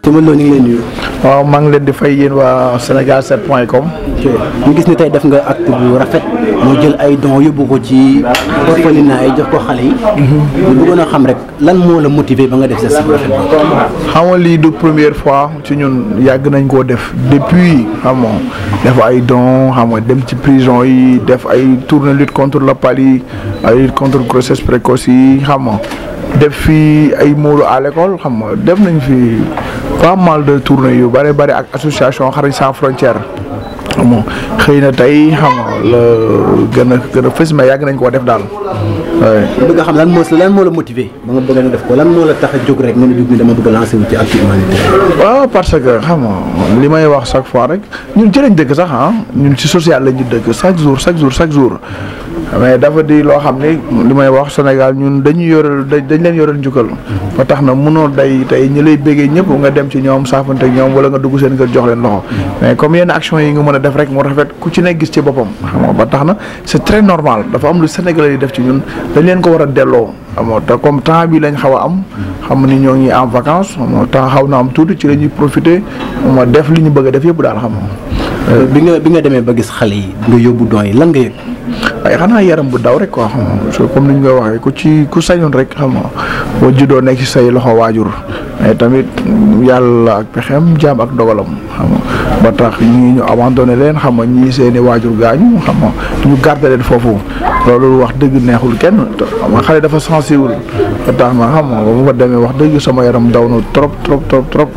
Tumel Lo ñu ngi lay nuyu. waaw maa ngi leen di fay yéen waa Sénégal 7 point com. ñu gis ne tey def nga acte bu rafet. moo jël ay dons yóbbu ko ci orphelinat yi jox ko xale yi. Mhm. ñu bëggoon a xam rek lan moo la motiver ba nga def geste bu rafet nga lii du première fois ci ñun yàgg nañ koo def depuis xam nga def ay dons xam dem ci prison yi def ay tournée lutte contre la palie ay lutte contre grossesse précoce yi xam def fii ay moolu à l'école xam nga def nañ fi. pas mal de tournée yu bëri bëri ak association xarit sans frontière bon xëy na tey xam nga la gën a gën a fës mais yàgg nañ koo def daal. bëgg nga xam lan moo lan moo la motivé ba nga bëgg a def ko lan moo la tax jóg rek nga ne jóg ni dama bëgg a lancer ci acte humanitaire. waaw parce que xam nga li may wax chaque fois rek ñun ci lañ dëkk sax ah ñun si social lañ ñu dëkk chaque jour chaque jour chaque jour. mais dafa di loo xam ni li may wax Sénégal ñun dañu yoral dañ leen yoral njukkal. ba tax na munoo day tey ñi lay béggee ñëpp nga dem ci ñoom saafante ñoom wala nga dugg seen kër jox leen loxo. mais comme yenn action yi nga mën a def rek moo rafet ku ci ne gis ci boppam. xam nga ba tax na c'est très normal dafa am lu Sénégalais yi def ci ñun dañ leen ko war a delloo. amoo te comme temps bi lañ xaw a am xam ni ñoo ngi en vacances moo temps xaw na am tuuti ci la ñuy profité moo def li ñu bëgg def yëpp daal xam euh, bi nga bi nga demee ba gis xale yi nga yóbbu doon yi lan nga waaye xanaa yaram bu daw rek quoi xam parce que comme ni ñu koy waxee ku ci ku sañoon rek xam nga boo juddoo nekk ci say loxo waajur mais tamit yàlla ak pexeem jaam ak dogalam xam nga ba tax ñii ñu abandonné leen xam nga ñii seeni waajur gaañu xam nga ñu garder leen foofu loolu wax dëgg neexul kenn xam nga xale dafa sensible ba tax ma xam nga ba ma fa demee wax dëgg sama yaram daw na trop trop trop trop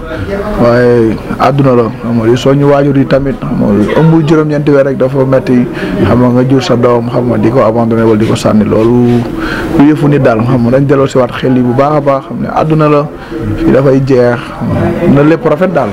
waaye àdduna la xam nga soo ñu waajur yi tamit xam nga ñeenti weer rek dafa metti xam nga nga jur sa doom xam nga di ko abandonné wala di ko sànni loolu yëfu ni daal xam nga dañ delloo si waat xel yi bu baax a baax xam ne àdduna la fii dafay jeex na lépp rafet daal.